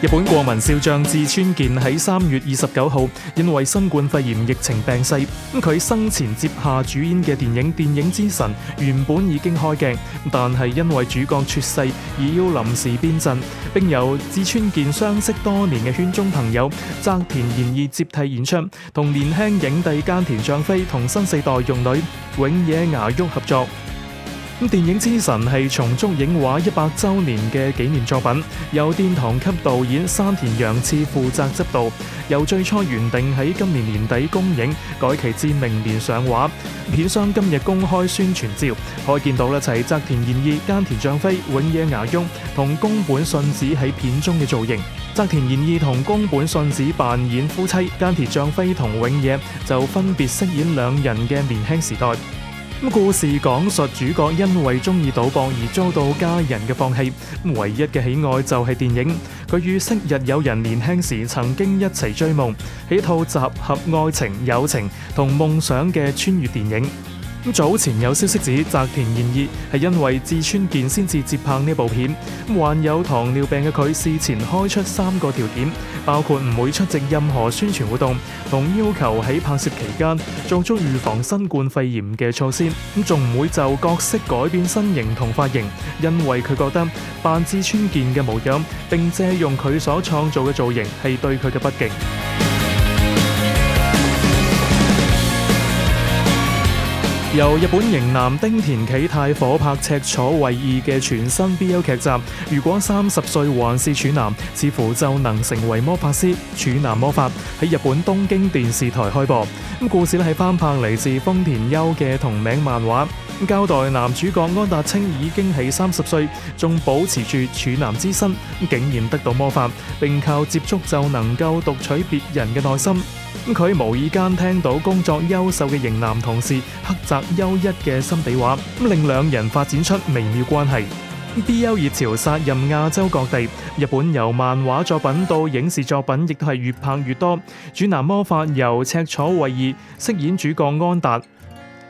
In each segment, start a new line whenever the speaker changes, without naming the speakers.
日本國民笑將志村健喺三月二十九號，因為新冠肺炎疫情病逝，佢生前接下主演嘅電影《電影之神》，原本已經開鏡，但係因為主角猝逝，而要臨時變陣，並由志村健相識多年嘅圈中朋友澤田研二接替演出，同年輕影帝菅田將暉同新世代玉女永野芽郁合作。咁電影之神係松竹影畫一百周年嘅紀念作品，由殿堂級導演山田洋次負責執導，由最初原定喺今年年底公映，改期至明年上畫。片商今日公開宣傳照，可以見到咧齊澤田研二、菅田將暉、永野芽郁同宮本信子喺片中嘅造型。澤田研二同宮本信子扮演夫妻，菅田將暉同永野就分別飾演兩人嘅年輕時代。故事講述主角因為中意賭博而遭到家人嘅放棄，唯一嘅喜愛就係電影。佢與昔日友人年輕時曾經一齊追夢，係一套集合愛情、友情同夢想嘅穿越電影。咁早前有消息指澤田研二係因為志村健先至接拍呢部片，患有糖尿病嘅佢事前開出三個條件，包括唔會出席任何宣傳活動，同要求喺拍攝期間做足預防新冠肺炎嘅措施，咁仲唔會就角色改變身形同髮型，因為佢覺得扮志村健嘅模樣並借用佢所創造嘅造型係對佢嘅不敬。由日本型男丁田啟太火拍赤楚衛二嘅全新 BL 劇集《如果三十歲還是處男》，似乎就能成為魔法師處男魔法，喺日本東京電視台開播。咁故事咧係翻拍嚟自豐田優嘅同名漫畫。交代男主角安達清已經喺三十歲，仲保持住處男之身，竟然得到魔法，並靠接觸就能夠讀取別人嘅內心。佢無意間聽到工作優秀嘅型男同事黑澤優一嘅心底話，咁令兩人發展出微妙關係。BL 熱潮殺入亞洲各地，日本由漫畫作品到影視作品亦都係越拍越多。《主男魔法》由赤楚衛二飾演主角安達。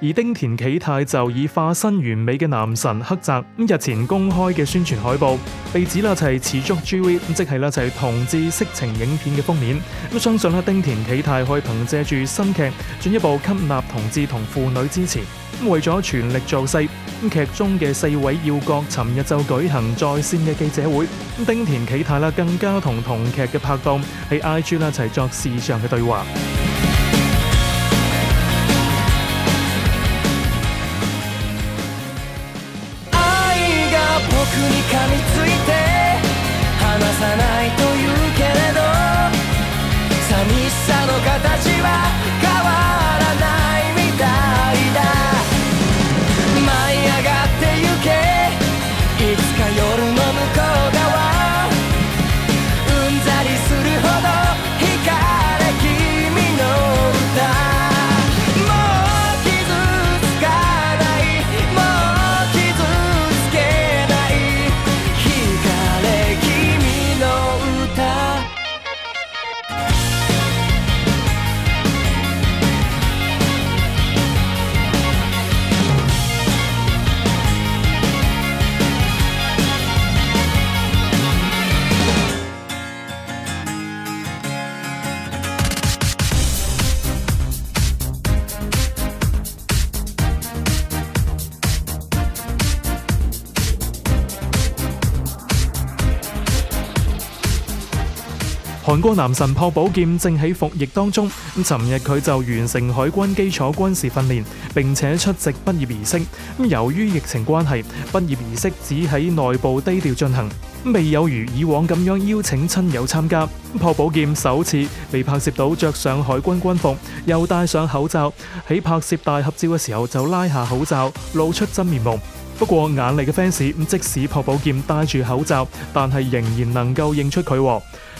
而丁田啟泰就以化身完美嘅男神黑澤。咁日前公開嘅宣傳海報，被指啦就係持續 G V 咁即係啦就同志色情影片嘅封面。咁相信啦丁田啟泰可以憑借住新劇進一步吸納同志同婦女支持。咁為咗全力造勢，咁劇中嘅四位要角尋日就舉行在綫嘅記者會。咁丁田啟泰啦更加同同劇嘅拍檔喺 I G 一齊作視像嘅對話。韓國男神朴寶劍正喺服役當中，咁尋日佢就完成海軍基礎軍事訓練，並且出席畢業儀式。咁由於疫情關係，畢業儀式只喺內部低調進行，未有如以往咁樣邀請親友參加。朴寶劍首次被拍攝到着上海軍軍服，又戴上口罩喺拍攝大合照嘅時候就拉下口罩，露出真面目。不過眼力嘅 fans，即使朴寶劍戴住口罩，但係仍然能夠認出佢。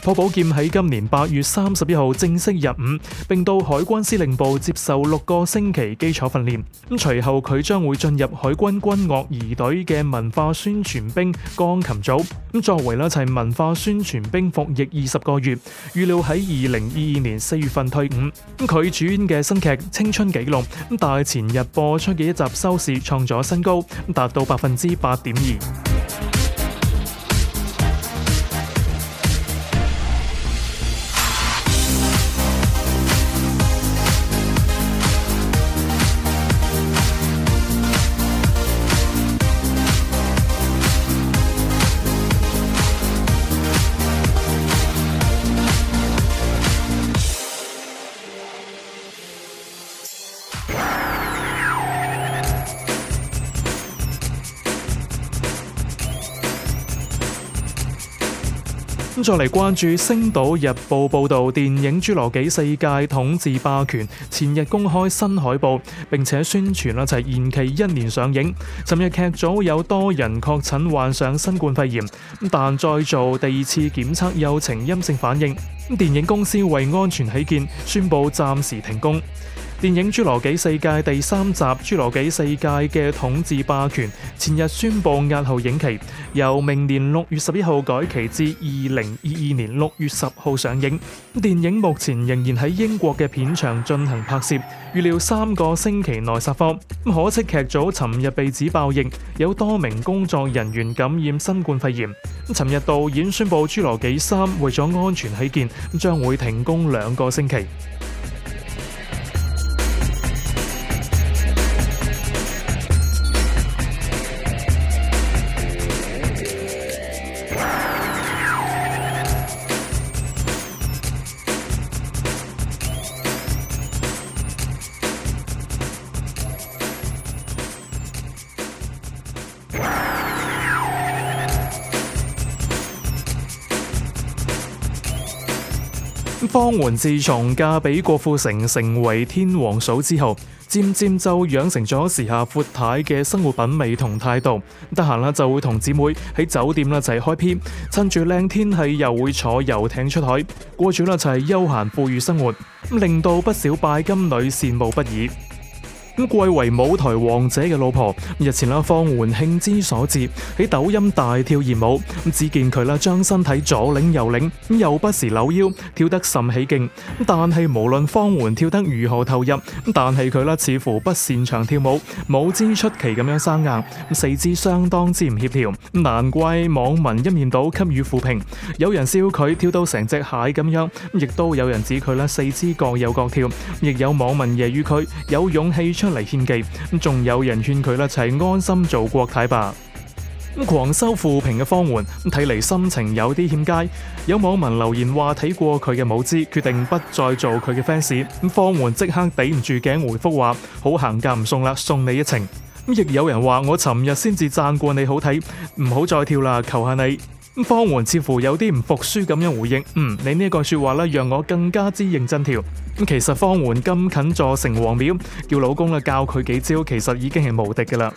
朴寶劍喺今年八月三十一號正式入伍，並到海軍司令部接受六個星期基礎訓練。咁隨後佢將會進入海軍軍樂儀隊嘅文化宣傳兵鋼琴組。咁作為啦，係文化宣傳兵服役二十個月，預料喺二零二二年四月份退伍。咁佢主演嘅新劇《青春紀錄》咁，大前日播出嘅一集收視創咗新高，達到百分之八點二。再嚟關注《星島日報》報導，電影《侏羅紀世界》統治霸權前日公開新海報，並且宣傳啦，齊延期一年上映。尋日劇組有多人確診患上新冠肺炎，但再做第二次檢測又呈陰性反應，咁電影公司為安全起見，宣布暫時停工。電影《侏羅紀世界》第三集《侏羅紀世界》嘅統治霸權前日宣布押後影期，由明年六月十一號改期至二零二二年六月十號上映。電影目前仍然喺英國嘅片場進行拍攝，預料三個星期內殺科。可惜劇組尋日被指爆疫，有多名工作人員感染新冠肺炎。尋日導演宣布《侏羅紀三》為咗安全起見，將會停工兩個星期。方媛自從嫁俾郭富城，成為天王嫂之後，漸漸就養成咗時下闊太嘅生活品味同態度。得閒啦，就會同姊妹喺酒店啦一齊開 P，趁住靚天氣又會坐遊艇出海，過住啦就係休閒富裕生活，令到不少拜金女羨慕不已。咁貴為舞台王者嘅老婆，日前啦方媛興之所至喺抖音大跳熱舞，只見佢啦將身體左擰右擰，又不時扭腰，跳得甚起勁。但係無論方媛跳得如何投入，但係佢啦似乎不擅長跳舞，舞姿出奇咁樣生硬，四肢相當之唔協調，難怪網民一面倒給予負評。有人笑佢跳到成隻蟹咁樣，亦都有人指佢啦四肢各有各跳，亦有網民揶揄佢有勇氣出嚟獻技，咁仲有人勸佢一齊安心做國太吧。咁狂收負評嘅方媛，咁睇嚟心情有啲欠佳。有網民留言話睇過佢嘅舞姿，決定不再做佢嘅 fans。咁方媛即刻抵唔住頸回覆話：好行㗎，唔送啦，送你一程。咁亦有人話：我尋日先至讚過你好睇，唔好再跳啦，求下你。方媛似乎有啲唔服輸咁樣回應，嗯，你呢個說話呢，讓我更加之認真跳。咁其實方媛咁近坐城隍廟，叫老公啦教佢幾招，其實已經係無敵噶啦。